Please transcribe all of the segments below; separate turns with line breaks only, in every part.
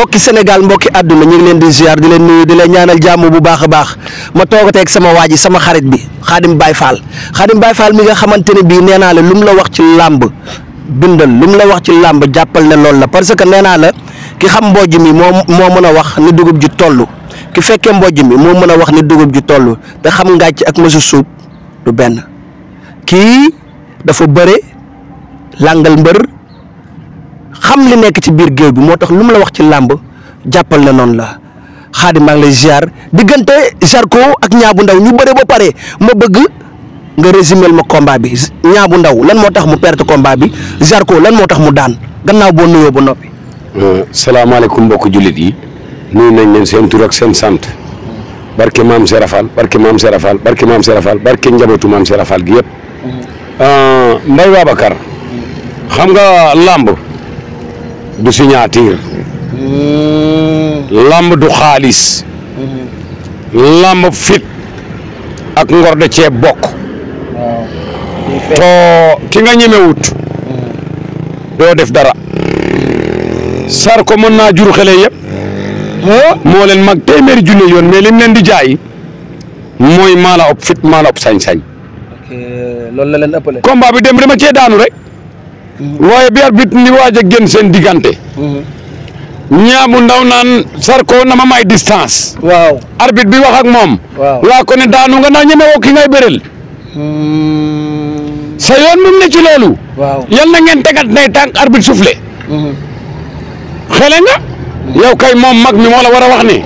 mbokki Sénégal mbokki àdduna ñu leen di ziar di leen nuyu di leen ñaanal jàmm bu baax a baax ma toogateeg sama waa ji sama xarit bi Xaadim baay faal Xaadim Baye faal mi nga xamante ne bii nee naa la lu mu la wax ci làmb bindal lu mu la wax ci làmb jàppal ne loolu la parce que nee naa la ki xam mbojj mi moo moo mën a wax ni dugub ji toll ki fekkee mbojj mi moo mën a wax ni dugub ji toll te xam ngàcc ak mësu suub du benn kii dafa bëre làngal mbër. xam li nekk ci biir géew bi moo tax lu mu la wax ci làmb jàppal na noonu la xaadim maa ngi lay ziar diggante Zarko ak bu ndaw ñu bëre ba pare ma bëgg nga résumé ma combat bi ñaabu ndaw lan moo tax mu perte combat bi Zarko lan tax mu daan gannaaw boo nuyoo ba noppi. Euh, salaamaaleykum
mbokk jullit yi nuyu nañ leen seen tur ak seen sant barke maam Serafal barke maam Serafal barke maam Serafal barke njabootu maam Serafal gi yëpp. Euh, Mbaye Babacar. xam nga làmb. du signature
hmm.
lamb du xaalis hmm. lamb fit ak ngor da ceeb bokk to hmm. ki nga ñemewut doo def dara Zarko mën naa jur xale yëpp moo leen mag téeméeri junne yoon mais lim leen di jaay mooy maa la fit maa la ëpp sañ-sañ
loolu la leen ëppale
combat bi dem dama cee daanu rek waaye bi arbitre ni waaj a génn seen diggante. Mm-hmm. ñaamu ndaw naan sarko na ma may distance. waaw arbitre bi wax ak moom. waaw waa ko ne daanu nga naa ñeme woo ki ngay bëreel. Mm-hmm. sa yoon mu ne ci loolu. waaw yal na ngeen tegat nay tànk arbitre soufflé. Mm-hmm. xele nga. yow kay moom mag mi moo war a wax ne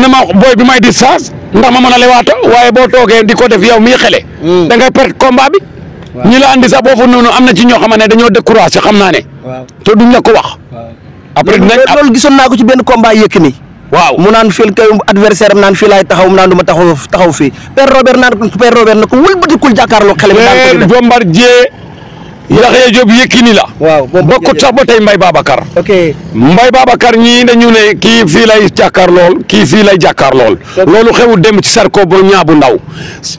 na ma booy bi may distance ndax ma mën a lewaatoo waaye boo toogee di ko def yow mii xele. Mm. da ngay perte bi. ñi la andi
sax boo noonu am na ci ñoo xam ne dañoo découragé xam naa ne. te duñ la ko wax. après dinañ loolu gisoon naa ko ci benn combat Yékini waaw mu naan fii kay adversaire am naan fii laay taxaw mu naan du ma taxaw taxaw fii Père naan Père Robert na ko wëlbatikul jàkkaarloo xel mi. daan ko di def Yaxya Diop Yékini
la. waaw bokkut sax ba tey Mbaye Babacar. ok Mbaye ñii dañu ne kii fii lay jàkkaar lool kii fii lay jàkkaar lool. loolu xewu dem ci Sarko ba ñaabu ndaw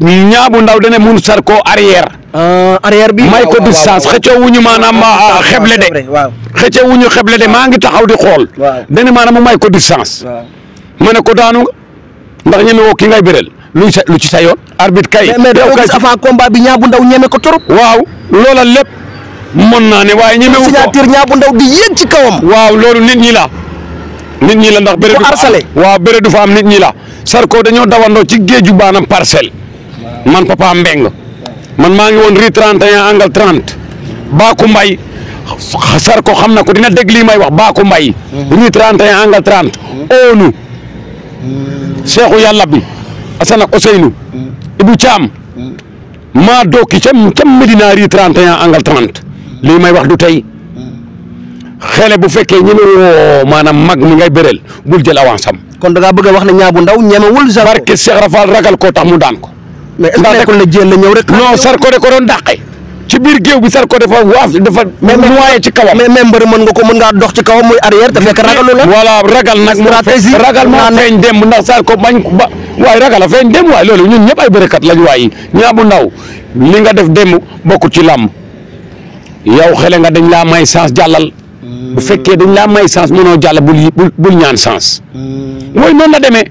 ñaabu ndaw dana mun Sarko arrière. Ah, arrière bi may ko distance xëccoo wuñu maanaam ah, xeble de. xëccoo wuñu xeble de maa ngi taxaw di xool. waaw dana maanaam mu may ko distance. ma ne ko daanu ndax ñeme woo ki ngay bëreel. lu ci sa lu ci sa yoon. arbitre kay. yow kay mais mais doo gis avant combat bi ñaabu ndaw ñeme ko trop. waaw loola lépp. mën naa ne waaye ñemewu ko signature ñaa bu ndaw di ci kawam. waaw loolu nit ñi la nit ñi la ndax. bëre du fa am waaw bëre du am nit ñi la. Sarko dañoo dawandoo ci géeju baanam parcelle man papa Mbeng man maa ngi woon rue 31 angle 30 Baaku Mbay Sarko xam na ko dina dégg lii may wax Baaku Mbay. rue 31 angle 30. oonu Seexu Yàlla bi Asan ak Oseynu Ibu Caam maa dooki ca ca Medina rue 31 angle 30. lii may wax du tey xele bu fekkee ñi ne woo maanaam mag mi ngay bëreel bul jël avance am. kon da ngaa bëgg wax ne ñaa bu ndaw ñemewul. Zarko barke Cheikh Rafal ragal koo tax mu daan ko. mais est-ce que nekkul ne ñëw rek. non Zarko de ko doon dàqe. ci biir
géew bi Zarko dafa waaf dafa. noyé ci kawam mais mais mbër mën nga ko mën ngaa dox ci kawam muy arrière te fekk ragalu la. voilà ragal nag. stratégie ragal moo feeñ dem ndax Zarko bañ ba waay ragal a
feeñ dem waaye loolu ñun ñëpp ay bërëkat lañ waay ñaa bu ndaw li nga def dem bokkut ci làmb yow xele nga dañ laa may sance jallal bu fekkee dañ laa may chance mënoo jàll bul bul ñaan chance mooy noonu la demee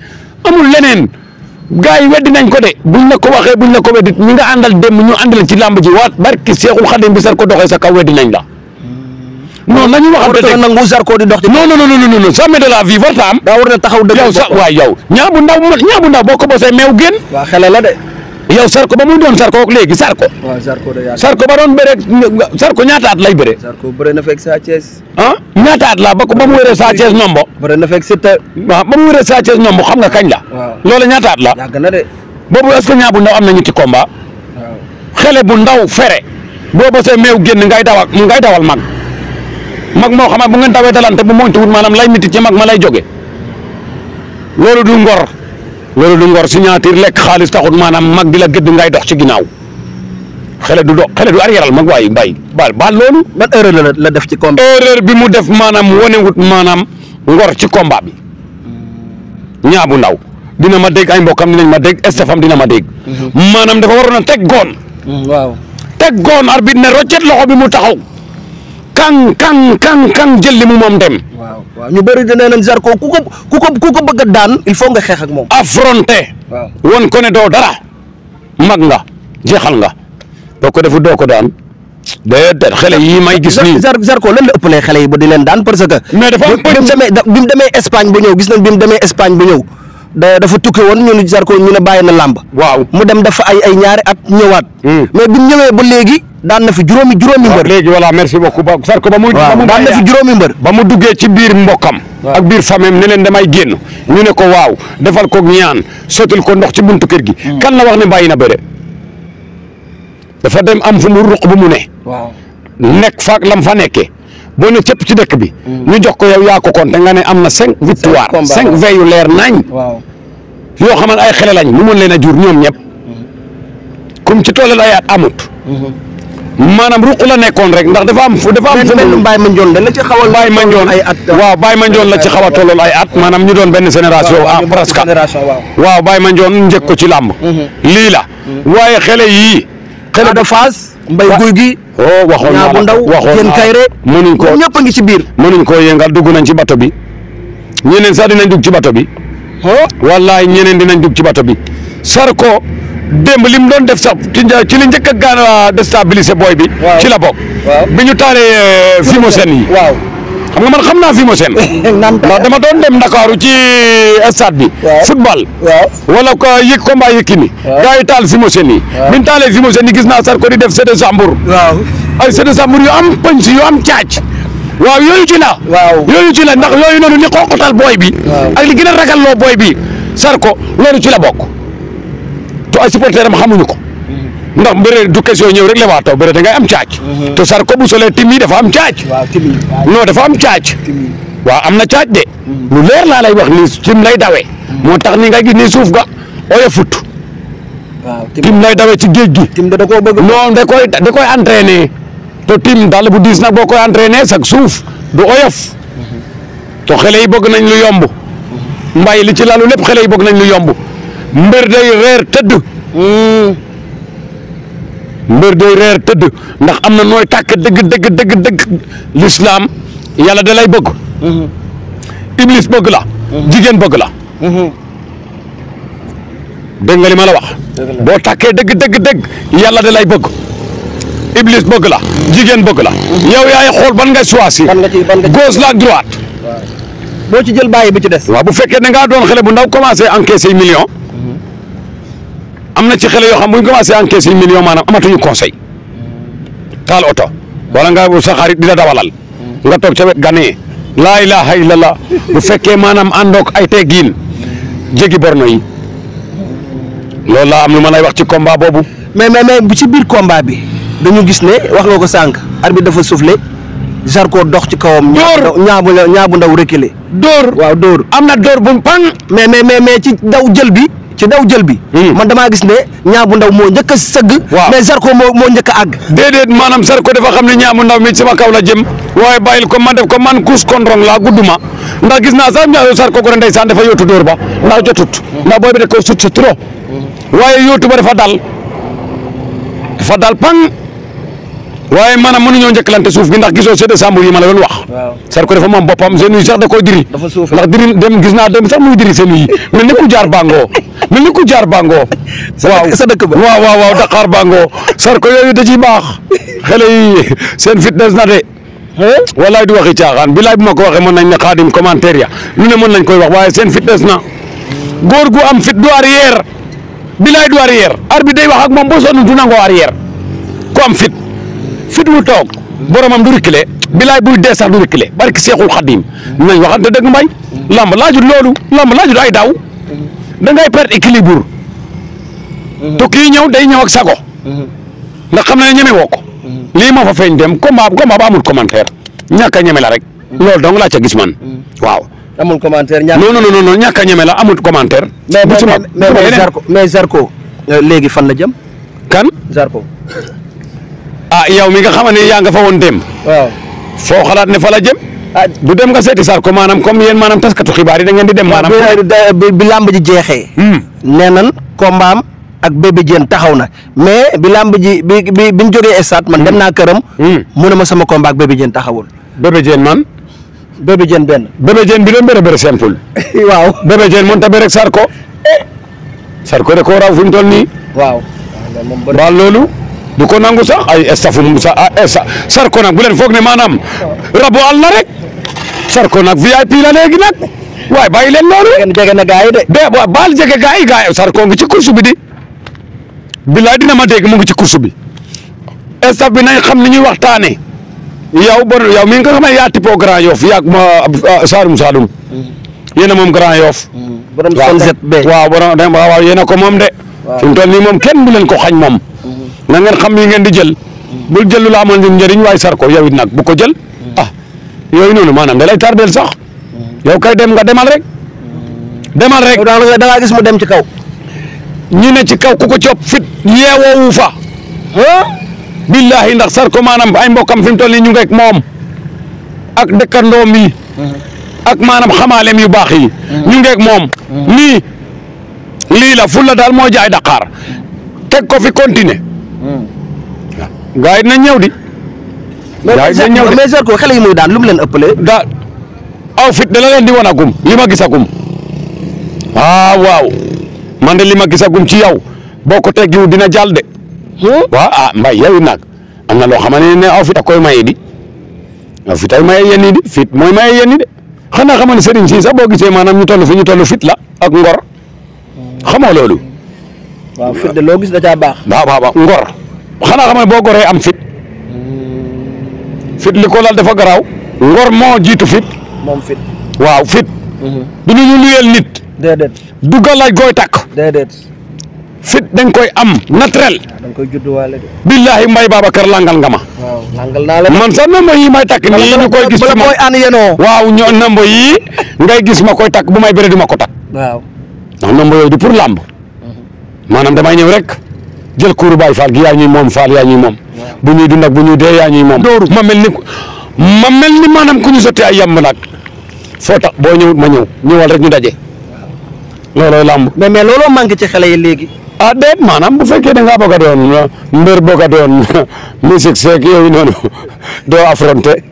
amul leneen gars yi weddi nañ ko de buñ la ko waxee buñ la ko weddit ñi nga àndal dem ñu àndal ci làmb ji waat barki Seexul Xadim bi Zarko doxee sa kaw weddi nañ la non nañu waxante dëgg nangu Zarko di dox di non non non non de la vie warta am daa war waay yow ñaa bu ndaw ñaa bu ndaw boo ko bosee meew geen waa xele la yow Zarko ba muy doon Zarko ak léegi Zarko.
waaw Zarko da
ba doon bëre Zarko ñaata at lay bëre.
Zarko bëre na fekk Sa Thiès.
Ah, ñaata at la ba mu wéree Sa Thiès nombo. bëre na fekk ah, ba mu wéree Sa Thiès nombo xam nga kañ la. waaw loolu ñaata at la. na de. boobu est ñaa bu am na ñetti combat. waaw xele bu ndaw fere. boo bësee meew génn ngay dawal ngay dawal mag mag moo xam bu ngeen dawee dalante bu moytuwul maanaam lay miti ci mag ma lay jóge loolu du ngor. loolu du ngor signature lekk xaalis taxut maanaam mag di la gëdd ngay dox ci ginnaaw xale du dox xale du arriéral mag waaye mbay baal baal loolu. ban erreur la def ci combat. erreur bi mu def maanaam wut maanaam ngor ci combat bi ñaabu ndaw dina ma dégg ay mbokkam dinañ ma dégg estafam dina ma dégg.
Mhm. maanaam dafa waroon a teg goon. Mm,
teg goon arbitre
ne roccet loxo bi mu taxaw. kan kan kan kan jël li mu moom dem. waaw waaw ñu bëri dina leen Zarko ku ko ku ko ku ko bëgg daan il faut nga xeex ak moom. affronté. waaw
woon ko ne doo dara. mag nga jeexal nga boo defu doo daan. déedéet xale yii may gis nii
Zarko lan la ëppalee xale yi ba di leen daan parce que. mais dafa am bi mu demee Espagne ba ñëw gis nañ bi mu demee Espagne ba ñëw. dafa tukke woon ñu ne Zarko ñu ne bàyyi na làmb waaw mu dem dafa ay ay ñaari at ñëwaat. Hmm. mais bi mu ñëwee ba léegi daan na fi juróomi juróomi mbër. léegi voilà merci beaucoup ba Zarko ba muy. waaw daan na fi juróomi mbër. ba mu duggee ci biir mbokkam.
ak biir famem ne leen damay génn. ñu ne ko waaw defal ko ñaan sottil ko ndox ci buntu kër gi. Hmm. kan la wax ne bàyyi na bëre. dafa dem am fu mu ruq bu mu ne. waaw nekk faak lam fa nekkee. boo ne cëpp ci dëkk bi. Mm. ñu jox ko yow yaa ko compté nga ne am na cinq victoire cinq vingt yu leer nañ. yoo xaman ay xele lañ mu moon leen a jur ñoom ñëpp. Mm. comme ci tool ay at amut. Mm-hmm. maanaam ruq la nekkoon rek ndax dafa am fu dafa am fu benn Baye Mandione la ci xaw a. Baye Mandione ay at waaw Baye Mandione la ci xaw a tolloon ay at maanaam ñu doon benn génération. waaw presque waaw Baye Mandione njëkk ko ci làmb. Mm-hmm. lii mm-hmm. waaye xele yii. xele de mbay guy gi. oh waxoon naa la bu ndaw yéen kayre. mënuñ ko ñëpp a ngi ci biir. mënuñ koo yëngal dugg nañ ci bato bi ñeneen sax dinañ dugg ci bato bi. Oh. wallaay ñeneen dinañ dugg ci bato bi. Sarko démb li mu doon def sax ci li njëkk a gaan déstabiliser booy bi. ci la bokk. bi ñu taalee euh, fimo seen yi. waaw xam nga man xam naa fi ma seen. ndax dama doon dem Ndakaaru ci eh, stade bi. football. wala ko yëg combat Yékini. waaw gars yi taal fi ma seen yi. waaw bi fi ma seen yi gis naa Sarko di def séddu Sambour. waaw ay séddu Sambour yu am pënc yu am caac. waaw yooyu ci la. waaw yooyu ci la ndax yooyu noonu li xoqatal booy bi. ak li a ragal loo booy bi Sarko loolu ci la bokk. to ay supporteurs am xamuñu ko. Mm. ndax bëre du question ñëw rek lewaatoo bëre da ngay am caac mhm. te Zarko bu solee tim yi dafa am caac non dafa am caac waaw am na caac de mhm. lu leer laa lay wax ni tim lay dawee mhm. moo tax ni nga gis ni suuf ga oyo fut tim lay dawee ci géej gi non da koy da koy entraîné te tim daal bu diis nag boo koy entraîné sax suuf du oyof to xale yi bëgg nañ lu yomb mbay li ci lalu lépp xale yi bëgg nañ lu yomb mbër day reer tëdd mbër day reer tëdd ndax am na nooy tàkk dëgg dëgg dëgg dëgg lislaam yàlla da lay bëgg mm-hmm. iblis bëgg la mm-hmm. jigéen bëgg la mm-hmm. dégg nga li ma la
wax
boo takkee dëgg dëgg dëgg yàlla da lay bëgg iblis bëgg la jigéen bëgg la yow yaay xool ban nga choisir gauche la ak droite boo ci jël bàyyi bi ci des waaw bu fekkee da ngaa doon xale bu ndaw commencé encaisser million am na ci xale yoo xam bu ñu commencé encaissé yi million maanaam amatuñu conseil taal oto wala nga sa xarit di la dawalal nga toog ca wet gane laa ilaha illallah bu fekkee maanaam àndoog ay teggiin jéggi borno yi
loolu laa am lu ma lay wax ci combat boobu. mais mais bu ci biir combat bi dañu gis ne wax nga ko sànq arbitre dafa soufflé Zarko dox ci kawam. dóor ñaabu ñaabu ndaw reculé. dóor waaw dóor. am na dóor bu mu pan. mais mais mais ci daw jël bi. ci daw jël hmm. man damaa gis ne ñaa ndaw moo njëkk a sëgg mais Zarko moo moo njëkk a àgg déedéet maanaam
Zarko dafa xam ne ñaa bu ndaw mi ma kaw la jëm waaye bàyyil ko man def ko man kuus konrong laa gudduma ndax gis naa sax ñaa Zarko gore ndeysaan dafa yóotu dóor ba ndax jotut ndax booy bi da ko sut sa trop hmm. waaye yóotu ba dafa dal fa dal pang waaye maanaam mënuñoo njëkkalante suuf bi ndax gisoo seede sàmbur yi ma doon wax Zarko dafa moom boppam seen yi sax da koy diri ndax diri dem gis naa de sax muy diri seen yi mel ni ku jaar bàngoo mel ni ku jaar bàngoo waaw sa dëkk ba waaw waaw waaw Dakar bàngoo Zarko yooyu da ciy baax xale yi seen fitness na de walaay du waxi caaxaan bilaay bu ma ko waxee mën nañ ne xaadim commentaire ya lu ne mën nañ koy wax waaye seen fitness na góor gu am fit du arrière bilaay du arrière ar bi day wax ak moom boo sonn du nangoo arrière ku am fit wu toog boromam du reculer bilaay buy dee sax du reculer barki seexul xadim nañ waxante dëgg mbay lamb laajut loolu lamb laajut ay daw da ngay perte équilibre te yi ñëw day ñëw ak sago nga xam na ne ñeme woo ko lii ma fa feeñ dem combat combat ba amul commentaire ñàkk a ñeme la rek loolu dong laa ca gis man waaw
amul commentaire ñàkk
non non non ñàkk a ñeme la amul commentaire mais mais Zarko euh, léegi fan la jëm kan ah yow mi nga xam ne yaa nga fa woon dem. waaw foo xalaat ne fa la jëm. Ah. du dem nga seeti Sarko maanaam
comme yéen maanam taskatu xibaar yi da ngeen di dem. maanaam bi làmb ji jeexee. Hmm. nee nan kombaam ak bébé Diène taxaw na mais bi làmb ji bi bi bi ñu jógee stade man hmm. dem naa këram. Hmm. mu ne ma sama komba ak bébé Diène taxawul. bébé Diène man. bébé Diène benn. bébé Diène bi doon bëre bëre simple. waaw bébé Diène moom tamit rek Sarko. Eh. Sarko
de ko raw fi mu toll nii. waaw. waaw loolu. du ko nangu sax ay stafum sax ah eh, Sarko nag bu leen foog ne maanaam rabo al na rek Sarko nag VIP la léegi nag waaye bàyyi len loolu. na gaa yi baal jege gaa yi gaa Sarko ngi ci course bi di. bilaay dina ma dégg mu ngi ci course bi. staf bi na xam ni ñuy waxtaanee. yow bon yow mi nga xam ne yaa tippoo Grand Yoff yaag ma Saalum ah, Saalum. Mm-hmm. yéen a moom Grand Yoff. Mm-hmm. borom sol set be waaw borom a ko moom de. waaw fi mu toll moom kenn du ko xañ moom. na ngeen xam ngeen di jël bul jël lu la amoon njëriñ waaye sar yow it nag bu ko jël ah yooyu noonu maanaam da lay tardeel sax yow kay dem nga demal rek demal rek da ngaa gis mu dem ci kaw ñi ne ci kaw ko cop fit yeewoowu fa billahi ndax sar ko maanaam ay mbokkam fi mu toll nii ñu ngeek moom ak dëkkandoom yi hmm. ak maanaam xamaaleem yu baax yi
hmm. ñu ngeek
moom hmm. nii lii la fulla daal moo jaay Dakar teg ko fi continuer waaw gars yi dinañ ñëw di. gars yi dinañ ñëw di mais yi muy daan lu leen leen ëppalee. daa aw fit dana leen di wan agum li ma gis agum waaw ah, waaw man de li ma gis agum ci yow boo ko teggiwu dina jàll de. Hmm? waaw ah mbay yow nag am na loo xamante ne aw fit a koy maye di aw fit ay maye yenni di fit mooy maye yenni de xanaa xaman ne Serigne si sax boo gisee maanaam ñu toll fi ñu toll fit la ak ngor xamoo loolu.
waaw fit de loo gis da caa baax.
waaw waaw waaw ngor xanaa xam boo goree am fit fit li ko lal dafa garaaw. ngor moo jiitu fit. moom fit waaw fit. Mhm. du ñu luyeel nit. déedéet du gàllaaj gooy takk. déedéet. fit dañ koy am naturel.
Ah, dañ koy judduwaale de.
billahi mbay Babacar langal nga ma.
waaw langal naa la man sax
nëmba yi may takk nii ñu koy. gis ma bala koy waaw ñoo nëmba ngay gis ma koy takk bu may béré ma ko takk. waaw ndax nëmba maanaam damay ñëw rek jël kuuru Baay Faal gi yaa ñuy moom Faal yaa ñuy moom bu ñuy dund ak bu ñuy dee yaa ñuy moom. dóoru ma mel ni maanaam ku ñu sotti ay yàmb nag foo boo ñëw ma ñëw ñëwal rek ñu daje loolooy làmb. mais mais looloo manqué ci xale yi léegi. a ah, déet maanaam bu fekkee da ngaa bëgg a doon mbër bëgg a doon musique seeg yooyu noonu doo affronté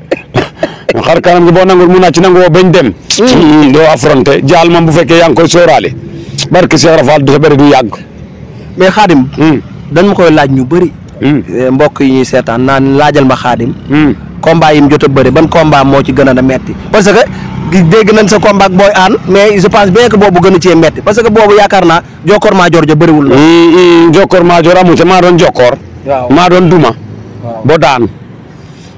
xar kanam gi boo nangul mu naa ci nangu woo bañ dem.
Mm. doo affronté jaal moom bu fekkee yaa ngi koy sóoraale barke Cheikh Rafal du yàgg. mais xaadim. Hmm. dañ ma koy laaj ñu bëri. Hmm. Eh, mbokk yi ñuy seetaan naan laajal ma xaadim. Hmm. combat yi mu jot a bëri ban combat moo ci gën a metti parce que dégg nañ sa combat booy aan mais je pense bien que boobu gën a cee metti parce que boobu yaakaar naa jokkoor maa jor ja bëriwul la. jokkoor maa jor amul te maa doon jokkoor. waaw maa doon duma. ba daan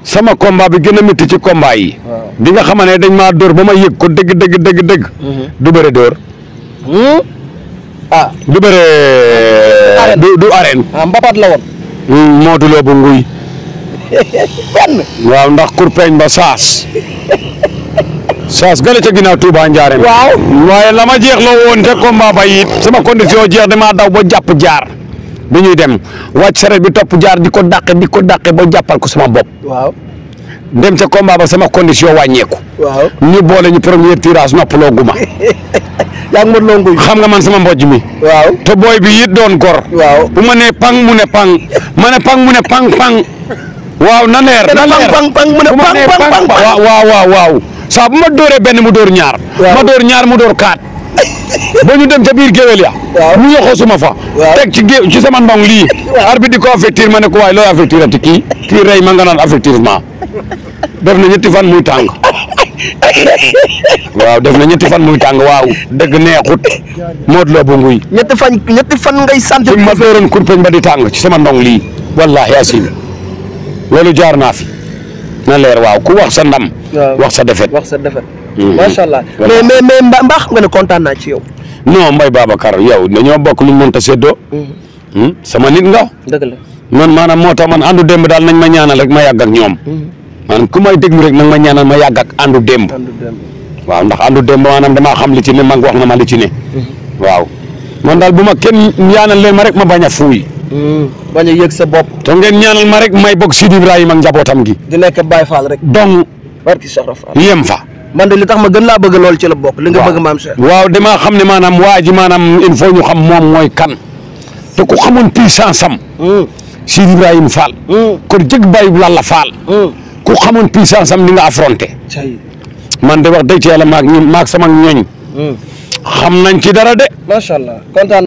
sama combat bi gën a métti ci combat yi. bi nga xam ne dañ maa dóor ba ma yëg ko dëgg dëgg dëgg dëgg. Mhm. du bëre dóor. ah du bëre. du du arène. ah mbapat hmm, nguy. waaw ndax kurpeñ ba saas. saas gën a ca ginnaaw Touba Ndiarène. waaw waaye la ma jeexloo woon te combat ba it condition jeex damaa daw ba jàpp jaar bi ñuy dem wàcc saret bi topp jaar di ko dàqe di ko dàqe ba jàppal ko sama bopp. dem ca combat sama condition wàññeeku. waaw ñu boole ñu premier tirage noppaloo guma. yaa ngi mën longu xam nga man sama mboj mi. waaw booy bi it doon gor. waaw bu ma nee pang mu ne pang ma ne pang mu ne pang pang. waaw na leer na leer pang pang mu pang pang waaw waaw waaw saa bu ma dooree benn mu dóor ñaar. ñaar mu dóor kaat. ba ñu dem ca biir géwél ya mu yoxoo suma fa teg ci géew ci sama ndong lii arbitre di ko affectir ma ne ko waaye looy affectir ati kii kii rey ma nga naan affectirement def na ñetti fan muy tàng waaw def na ñetti fan muy tàng waaw dëgg neexut Modou Lo bu nguy ñetti fan ñetti fan ngay sant suñ ma dooroon kurpeñ ba di tàng ci sama ndong lii wallahi asim loolu jaar naa fi na leer waaw ku wax sa ndam wax sa defet wax sa defet hmm. macha allah mais mais mais mbaa xam nga ne kontaan naa ci yow non Mbaye Babacar yow dañoo bokk luñ mënta séddoo hmm. Hmm? sama nit nga dëgg la man maanaam moo tax man àndu demb daal nañ ma ñaanal rek ma yàgg ak ñoom maanaam ku may déglu rek nag ma ñaanal ma yàggak ak àndu démb waaw ndax àndu démb maanaam damaa xam li ci ne mag wax na ma li ci ne
mm-hmm.
waaw man daal bu ma kenn ñaanal leen ma rek ma bañ a fuuy
mm-hmm. bañ sa bopp
te ngeen ñaanal ma rek may bokk Sidi Ibrahima ak njabootam gi
di nekk Baye Fall rek donc barki Cheikh Rafa yem fa man de li tax ma gën laa bëgg lool ci la bokk li nga bëgg maam Cheikh waaw damaa xam ne maanaam waa ji maanaam il faut ñu xam moom
mooy kan te ku xamoon puissance am mm. Sidi Ibrahima Fall mm. kon jëg Baye Lalla Fall mm. ku xamoon puissance am li nga affronté. man de wax dëgg ci yàlla maag ñu maag sama ñooñ. Hmm. xam nañ ci dara de.
macha allah kontaan.